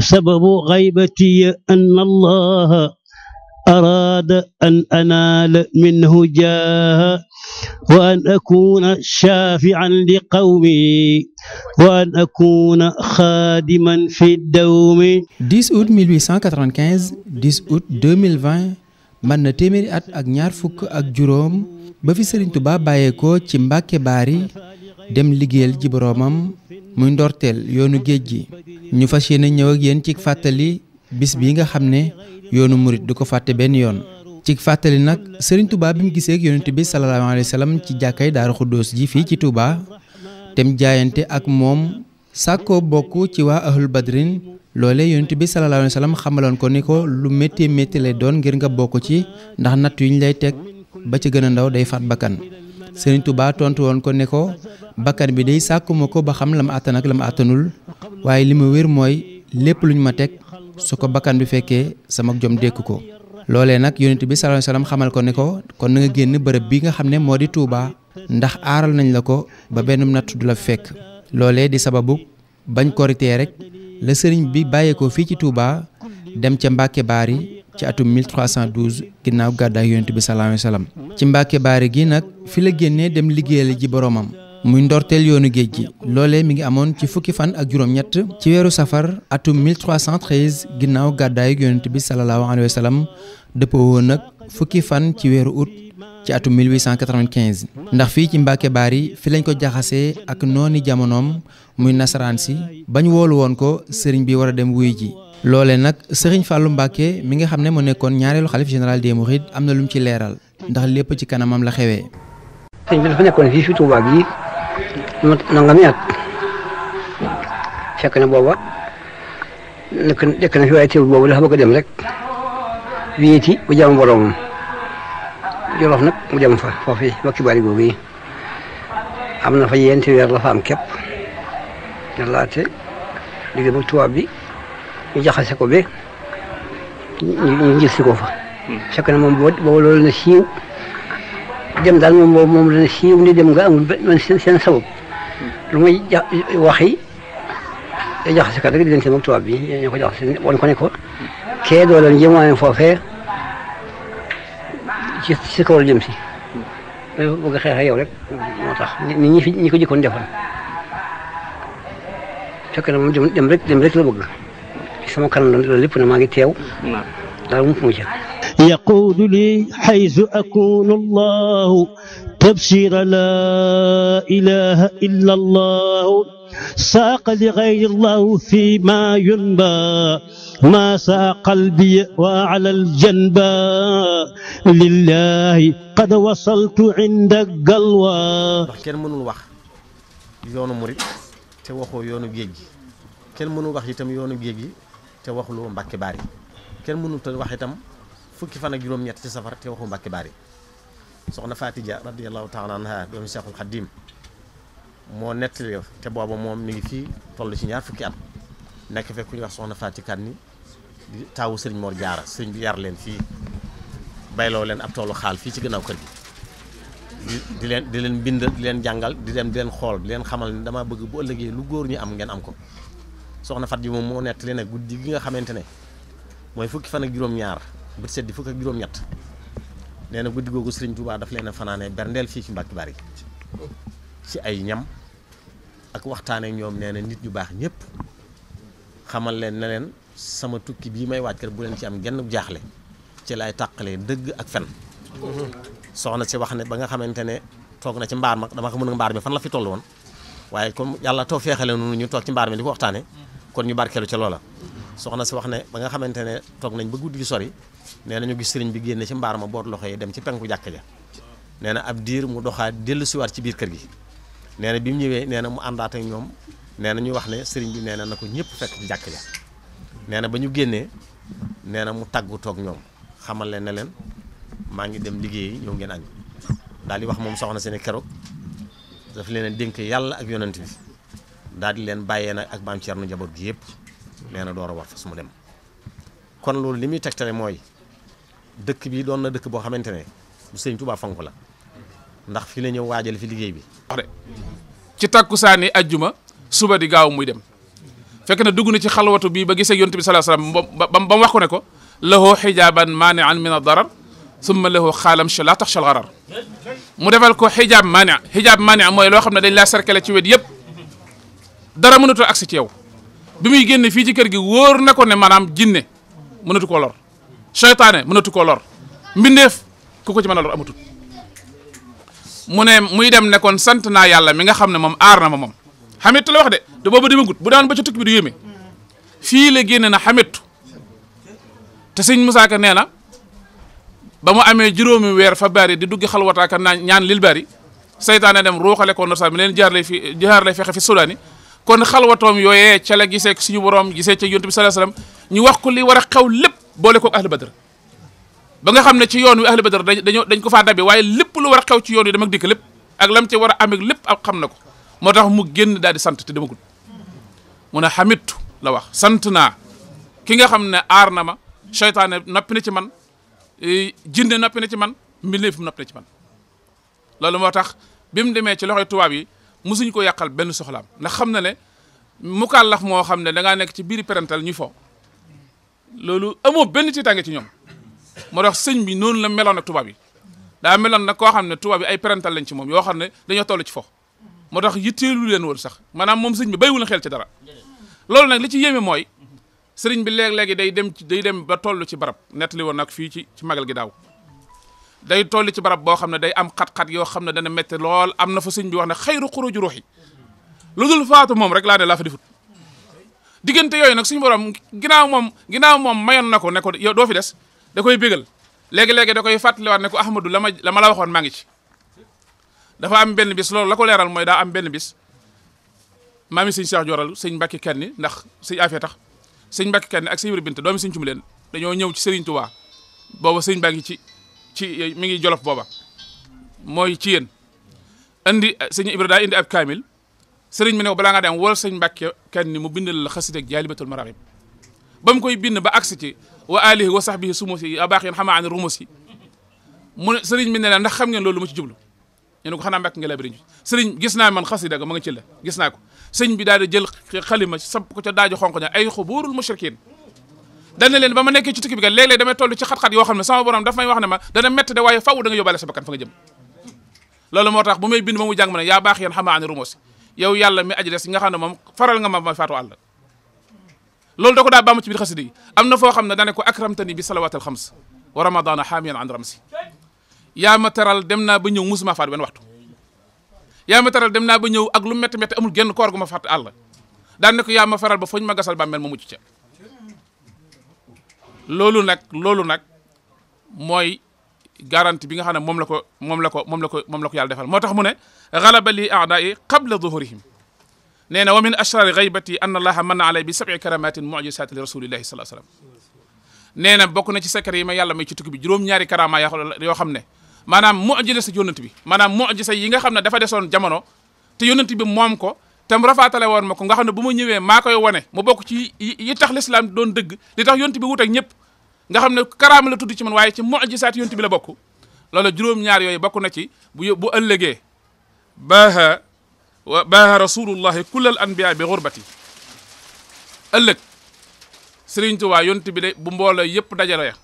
sababu gaybati anna allaha araada an anaala minhu jaaha wa an akuuna shaafi'an li qawmi wa an akuuna xaadiman fi dawmi 10 août 1895 na téeméeri at ak ñaar fukk ak juróom ba fi Sëriñ Tuubaa bàyyeekoo ci Mbàkke Baari dem liggéeyal ji boroomam muy ndorteel yoonu géej gi ñu fas yéene ñëw ak yéen ci fàttali bis bi nga xam ne yoonu murit du ko fàtte benn yoon. ci fàttali nag Serigne Touba bi mu gisee ak bi sallallahu alayhi ci jàkkay Daaru Xuddoos ji fii ci Touba tem jaayante ak moom sàkkoo bokk ci waa ahlul badrin loolee yonent bi sallallahu alayhi wa sallam xamaloon ko ni ko lu métti métti lay doon ngir nga bokk ci ndax natt yu ñu lay teg ba ca gën a ndaw day faat bakkan Sëriñ Tuubaa tontu woon ko ne ko bakkan bi day sàkkuma ko ba xam la ma àttan ak la ma àttanul waaye li ma wér mooy lépp lu luñ ma teg su ko bakkan bi fekkee sama jom dékk ko. loolee nag yonent bi sallallahu alayhi xamal ko ne ko kon na nga génn bërëb bi nga xam ne moo di Tuubaa ndax aaral nañ la ko ba benn natt du la fekk. loolee di sababu bañ koritee rek la sëriñ bi bàyyeekoo fii ci Tuubaa dem ca Mbàkke Baari ci atum 1312 ginnaaw gàddaay yonent bi sallallahu alayhi wasallam ci Mbàkke Baari gi nag fi la génnee dem liggéeyal ji boromam muy ndorteel yoonu géej gi loolee mi ngi amoon ci fukki fan ak juróom-ñett ci weeru safar atum 1313 ginnaaw gàddaayu yonent bi sallallahu alayhi wasallam dëppoo woon nag fukki fan ci weeru août ci atum 1895 ndax fii ci Mbàkke Baari fi lañ ko jaxasee ak nooni jamonoom muy nasaraan si bañ woolu woon ko sëriñ bi war a dem wuy ji loole nag sëriñ fàllu Mbacké mi nga xam ne mu nekkoon ñaareelu xalif général des am na lu mu ci leeral ndax lépp ci kanamam la xewee. nekkoon fii fi Touba gi nangami at fekk na booba nekk dem rek wéeti bu jàmm boroomam Jolof nag mu dem fa am na fa yenti weer la fa am képp. te laate diggam bi ñu jaxase ko ba ñu gis si ko fa. Hmm. fekk na moom boobu loolu na siiw dem daal moom boobu moom dana siiw ni dem nga amul benn seen sabab. Hmm. lu may ja wax yi day jaxase kat rek di leen bi ñu ko jaxase woon ko ne ko. kee doo leen jëm si hmm. kaw yow rek moo tax ñi fi ñi ko jëkkoon defoon. fekk na moom dem rek dem rek la bëgg sama kanam loolu lépp na maa ngi teew daal mu fu mu jëm يقول لي حيث أكون الله تبشير لا إله إلا الله ساق لغير الله فيما ينبى ما ساق قلبي وعلى الجنبى لله قد وصلت عند القلوى kenn mënul wax yoonu murit te waxoo yoonu géej gi kenn mënul wax itam yoonu géej gi te waxuloo mbàkki baar yi kenn mënu ta wax itam fukki fan ak juróom-ñett ci safar te waxu mbàkki baar yi soxna Fatija radiyallahu taala anha doomu Seexul Xaddiim moo nettali te booba moom mi ngi fii toll ci ñaar fukki at nekk fekk ku ñuy wax soxna Faati Kan ni di taawu sëriñ Mor Jaara sëriñ bi yar leen fii bayloo leen ab toolu xaal fii ci gannaaw kër gi di leen di leen bindal di leen jàngal di dem di leen xool di leen xamal ne dama bëgg bu ëllëgee lu góor ñi am ngeen am ko soxna Fat ji moom moo nettali ne guddi gi nga xamante ne mooy fukki fan ak juróom-ñaar bët set di fukk ak juróom-ñett nee na guddi googu Serigne Touba daf leen a fanaane berndeel fii ci Mbàkke Bari ci ay ñam ak waxtaane ñoom nee na nit ñu baax ñëpp xamal leen ne leen sama tukki bii may waaj kat bu leen ci am genn jaaxle ci lay tàqalee dëgg ak fen soxna si wax ne ba nga xamante ne toog na ci mbaar ma dama ko mën a mbaar mi fan la fi toll woon waaye comme yàlla too feexale nu ñu toog ci mbaar mi di ko waxtaane kon ñu barkeelu ca loola soxna si wax ne ba nga xamante ne toog nañ ba guddi gi sori nee na ñu gis sëriñ bi génne ci mbaar ma boot loxo dem ci penku jàkk nee na ab diir mu doxaat dellu siwaat ci biir kër gi nee na bi mu ñëwee nee na mu àndaat ak ñoom nee na ñu wax ne sëriñ bi nee na na ko ñëpp fekk jàkk ja nee na ba ñu génnee nee na mu tàggu toog ñoom xamal leen na leen maa ngi dem liggéey ñëw ngeen añ daal di wax moom soxna si ne keroog daf leen dénk yàlla ak yonent bi daal di leen bàyyee nag ak maam Cerno njaboot gi yëpp leen a door a war fas mu dem kon loolu li muy teg tegtale mooy dëkk bi doon na dëkk boo xamante ne bu sëñ Tuubaa fonk la ndax fi la ñëw la fi liggéey bi ci tàkkusaani ajjuma suba di gaaw muy dem fekk na dugg na ci xalwatu bi ba gisee yonent bi sallallahu alayhi wasallam wax ko ne ko lahoo xijaaban maani'an summa lahu xaalam cha tax chal xarar mu defal ko xijaab maania xijaab maania mooy loo xam ne dañ laa sarkale ci wet yëpp dara mënatul agsi ci yow bi muy génn fii ci kër gi woor na ko ne maanaam jinne mënatu koo lor seytaane mënatu ko lor mbindeef ku ko ci mën a lor mu ne muy dem ne kon sant naa yàlla mi nga xam ne moom aar na ma moom xamittu la wax de da booba demagut bu daan ba ca tukki bi du yéeme fii la génne na xamittu te sëñ Moussa Ka nee na ba mu amee juróomi weer fa baari di dugg xalwataaka naa ñaan lil bari saytaane dem ruuxale ko nosaa mi leen jaar lay fi jaar lay fexe fi sudaani kon xalwatoom yooyee ca la gisee suñu borom gisee ca yonent bi sallallahu alayhi wasallam ñu wax ko li war a xew lépp boole ko ahlu badr ba nga xam ne ci yoon wi ahlu badr dañoo dañ ko fa dabe waaye lépp lu war a xew ci yoon wi dem ak dikk lépp ak lam ci war a amee lépp ak xam na ko moo tax mu génn daal di sant te demagul mu ne xamitu la wax sant naa ki nga xam ne aar na ma seytaane noppi na ci man Eh, jinne noppi na ci man mbindeef noppi na ci man loolu moo tax bi demee ci loxoy tubaab yi musuñ ko yàqal benn soxlaam ndax xam na ne mu mukallaf moo xam ne dangaa nekk ci biiri parental ñuy fo loolu amoo benn ci tànge ci ñoom moo tax sëñ bi noonu la meloon ak tubaab yi daa meloon nag koo xam ne tubaab yi ay parental lañ ci moom yoo xam ne dañoo toll ci fo moo tax yitteelu leen woon sax maanaam moom sëñ bi béywu na xel ci dara loolu nag li ci yéeme mooy sëriñ bi léeg-léegi day dem ci day dem ba toll ci barab nettali woon nag fii ci ci magal gi daaw day toll ci barab boo xam ne day am xat-xat yoo xam ne dana métti lool am na fa sëriñ bi wax ne xayru xuruju ruuxi lu dul faatu moom rek laa ne laa fa defut diggante yooyu nag suñu borom ginnaaw moom ginnaaw moom mayoon na ko ne ko yow doo fi des da koy bégal léegi-léegi da koy fàttaliwaat ne ko ahmadou la ma la la waxoon maa ci dafa am benn bis loolu la ko leeral mooy daa am benn bis maa mi sëñ Joral sëñ Mbacke kenn ni ndax sëñ Afia sëñ Mbàkke Kanni ak sëñ Ibra Binta doomi sëñ Cumbu leen dañoo ñëw ci Sëriñ Tuubaa booba sëñ baa ngi ci ci mi ngi jolof booba mooy ci yéen indi eh, sëñ Ibra daa indi ab kaamil sëriñ bi ne ko balaa ngaa dem wol sëñ Mbàkke Kanni mu bindal la xasida ak Jaalibatul Maraaxib ba mu koy bind ba agsi ci wa alihi wa sahbihi sumusi abaax yéen xamaa an rumusi mu sëriñ bi ne la ndax xam ngeen loolu mu ci jublu ñu ne ko xanaa mbàkk nga labiriñ bi sëriñ gis naa man xasida ga ma ci la gis naa ko sëñ bi daal jël xalima samp ko ca daaju xonq ay xubuurul mushrikiin dana leen ba ma nekkee ci tukki bi kat léeg-léeg damay toll ci xat-xat yoo xam ne sama borom daf may wax ne ma dana métti de waaye faw da nga yóbbaale sa bakkan jëm loolu moo tax bu may bind ba mu jàng ma ne yaa baax yéen xamaa ani rumoosi yow yàlla mi aji des nga xam ne moom faral nga ma ma faatu da ko na foo xam ne dane bi salawaat alxams wa ramadana yaa ma taral dem naa ba ñëw musuma faat benn waxtu yaa ma taral dem naa ba ñëw ak lu métti métti amul genn koor gu ma fàtt àll daan ne ko yaa ma ba foñ ma gasal bàmmeel ma mucc ca loolu nag loolu nag mooy garantie bi nga xam ne la ko moom la ko moom la ko moom la ko yàlla defal moo tax mu ne xalaba li aadaa'i qabla zuhurihim nee na wa min ashrari xaybati an allaha manna alay bi sabi karamatin mujisaati li rasulillahi salaa sallam nee na bokk na ci secret yi ma yàlla may ci tukki xam ne maanaam mujjiza sa yónnent bi maanaam mujjiza yi nga xam ne dafa desoon jamono te yónnent bi moom ko te mu rafaatale woon ma ko nga xam ne boo ma ñëwee maa koy wane mu bokk ci yi tax lislaam doon dëgg li tax yónnent bi wut ak ñëpp nga xam ne karaama la tudd ci man waaye ci mujjizaat yónnent bi la bokk loolu juróom-ñaar yooyu bokk na ci bu bu ëllëgee baaha wa baaha rasulullahi kullal anbiya bi xurbati ëllëg Sëriñ Tuubaa yónnent bi de bu mboolo yëpp dajale ya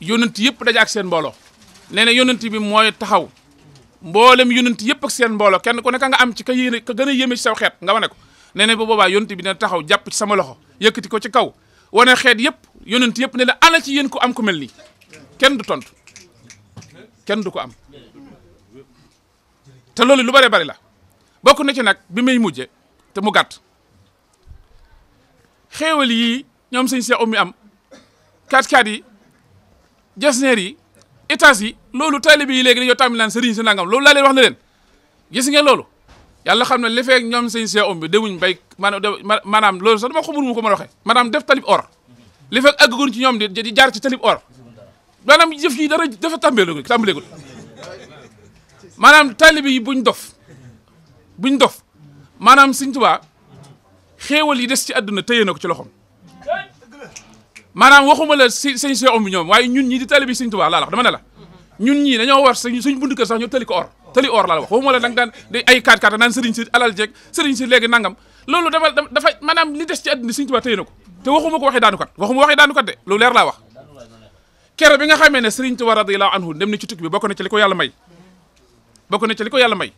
yónnent yëpp daje seen mbooloo nee na yonent mooy taxaw mboolem yonent yëpp ak seen mbooloo kenn ku nekk nga am ci ka yéene ka gën a yéeme ci saw xeet nga wane ko nee na bu boobaa yonent bi dina taxaw jàpp ci sama loxo yëkkati ko ci kaw wane xeet yëpp yonent yëpp ne na ala ci yéen ku am ku mel nii kenn du tontu kenn du ko am te loolu lu bare bari la bokk na ci nag bi may mujje te mu gàtt xéewal yi ñoom sëñ Seex Ummi am kaat kaat yi jasneer yi états yi loolu taalibe yi léegi dañoo tàmbali naan sëriñ si nangam loolu laa wax ne leen gis ngeen loolu yàlla xam ne li ñoom sëñ see om bi demuñ bay maanaam loolu sax dama xamul mu ko mën a waxee maanaam def talib or li feeg àggagun ci ñoom di jaar ci talib or maanaam jëf yi dara dafa tàmbalee tàmbaleegul maanaam taalibe yi buñ dof buñ dof maanaam sëñ Tuubaa xéewal yi des ci àdduna téye na ko ci loxoom maanaam waxuma la si sëñ si om bi ñoom waaye ñun ñi di tali bi sëñ Tuubaa laa la wax dama ne la ñun dañoo war suñ suñ buntu kër sax ñu tali ko or tali or laa la wax waxuma la danga daan di ay kaat kaat naan sëriñ si alal jeeg sëriñ si léegi nangam loolu dafa dafa maanaam li des ci àddina sëñ Tuubaa téye na ko te waxuma ko waxee daanukat waxuma waxee daanukat de lu leer laa wax kere bi nga xamee ne sëriñ Tuubaa radiyallaahu anhu dem na ci tukki bi bokk na ci li ko yàlla may bokk na ci li ko yàlla may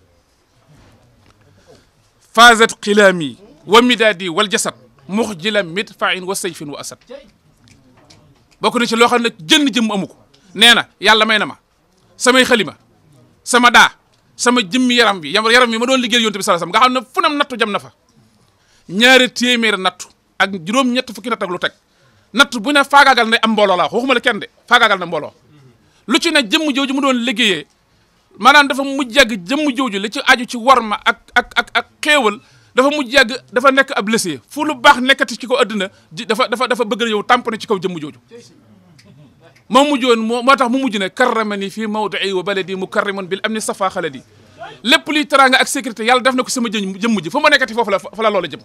faazat xilaami wa midaadi wal jasad muxjila midfain wa sayfin wa asad bokk na ci loo xam jënd jënn jëmm amu ko nee na yàlla may na ma samay xalima sama daa sama jëmmi yaram bi yaram bi ma doon liggéeyal yonent bi sallallahu alayhi wasallam nga xam ne fu nam nattu jam na téeméeri nattu ak juróom fukki natt ak lu teg nattu bu ne faagaagal na am mbooloo laa waxuma la kenn de faagaagal na mbooloo lu ci ne jëmm jooju mu doon liggéeyee maanaam dafa mujj yàgg jëmm jooju li ci aju ci war ma ak ak ak ak xéewal dafa mujj yàgg dafa nekk ab lessee fu lu baax nekkati ci ko àddina ji dafa dafa dafa bëgg a yow tamponné ci kaw jëmm jooju ma mujjoon moo moo tax mu mujj ne karramani fii mawdii wa baladi mukarramun bil amni safa xaladi lépp luy teraanga ak sécurité yàlla def na ko sama jëmm jëmm ji fu ma nekkati foofu la fa la loola jëm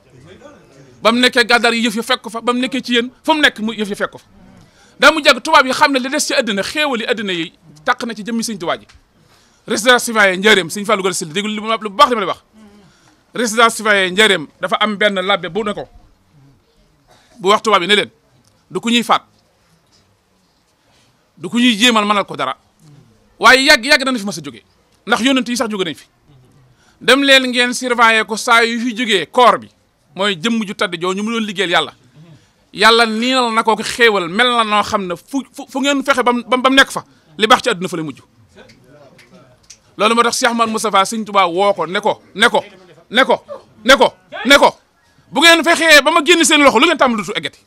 ba nekkee gàddaar yi yëf ya fekk fa ba mu nekkee ci yéen fu mu nekk mu yëf ya fekk ko fa daa mu jàgg tubaab yi xam ne li des ci àddina xéewali àddina yi tàq na ci jëmmi sëñ Tuubaa ji restauration yi njëriñam sëñ Fallou Galassine déglu lu baax li ma lay wax résidence surveillée njëreem dafa am benn labbe bu ne ko waxtu waxtuwaa bi ne leen du ku ñuy faat du ku ñuy jéemal mënal ko dara waaye yàgg yàgg dana fi mas a jógee ndax yonent yi sax jóge nañ fi dem leen ngeen surveiller ko saa yu fi koor bi mooy jëmm ju tedd joo ñu mu doon liggéeyal yàlla yàlla niinal na ko xéewal mel na noo xam ne fu fu ngeen fexe bam ba mu nekk fa li baax ci àdduna fa la mujj loolu moo tax Cheikh Ahmadou Moustapha Sëñ Tuubaa woo ko ne ko ne ko ne ko ne ko ne ko bu ngeen fexee ba ma génn seen loxo lu ngeen tàmm dutu eggati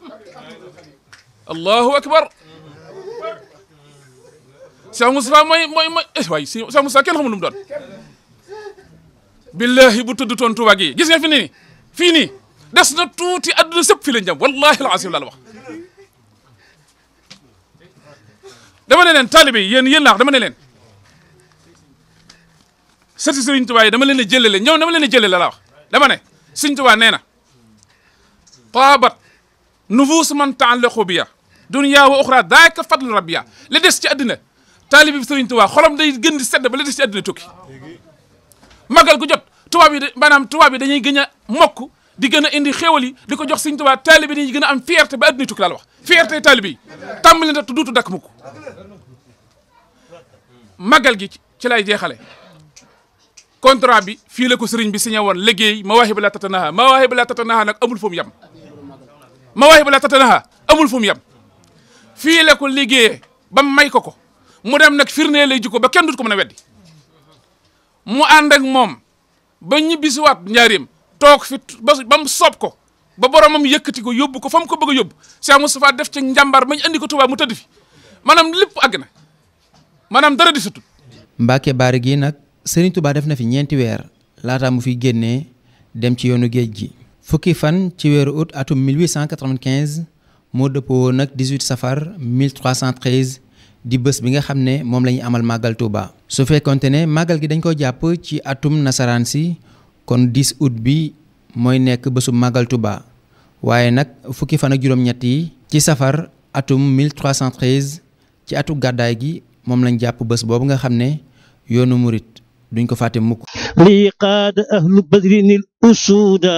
allahu akbar Cheikh Moustapha mooy mooy mooy eh, waay Cheikh Moustapha kenn xamul lu mu doon billahi bu tudd toon tubaab yi gis nga fi nii fii nii des na tuuti adduna sëpp fi lañ jam wallahi alazim laa la wax dama ne leen taalibe yi yéen yéen laax dama ne leen sëti Sëriñ Tuubaa yi dama leen a jëlale ñoom dama a jëlale la wax dama ne Sëriñ Tuubaa nee na taabat nufuus man taallaqu biya dunya wa uxra daaka fadlu rabbiya li des ci addina taalibi bi Sëriñ Tuubaa xolam day gën di sedd ba li des ci àddina tukki magal gu jot tubaab yi maanaam tubaab yi dañuy gën a mokk di gën a indi xéwal yi di ko jox Sëriñ Tuubaa taalibi dañuy gën a am fierté ba àddina tukki laal wax fierté taalibi yi tàmbali na dakk mukk magal gi ci lay jeexale contrat bi fii la ko sëriñ bi signé woon liggéey Mawaahibu Laahi Tatanaha Mawaahibu Laahi Tatanaha nag amul fu mu yem Mawaahibu Laahi Tatanaha amul fu mu yem fii la ko liggéeyee ba may ko ko mu dem nag firnde lay ko ba kenn dut ko mën a weddi mu ànd ak moom ba ñibbisiwaat njaareem toog fi ba mu soob ko ba boromam yëkkati ko yóbbu ko fa mu ko bëgg a yóbbu Cheikh Moustapha def ci njàmbaar bañ andi ko Tuubaa mu tëdd fi maanaam lépp àgg na dara di sutut Serigne Touba def na fi ñeenti weer laataa mu fi génnee dem ci yoonu géej gi. fukki fan ci weeru août atum 1895 moo dëppoo nag 18 safar 1313 di bës bi nga xam ne moom la ñuy amal màggal Touba. su fekkonte ne màggal gi dañ koy jàpp ci atum nasaraan si kon 10 août bi mooy nekk bësu màggal Touba waaye nag fukki fan ak juróom-ñett yi ci safar atum 1313 ci atu gàddaay gi moom lañ jàpp bés boobu nga xam ne yoonu murit duñ ko fàtte mukk li qaada ahlu badrinil usuuda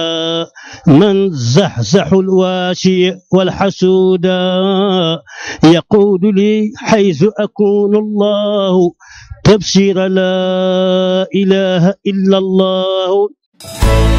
man zaxzaxu lwaasiya walxasuuda yaquudu li xaysu akunu allahu tabsira laa ilaha illa allahu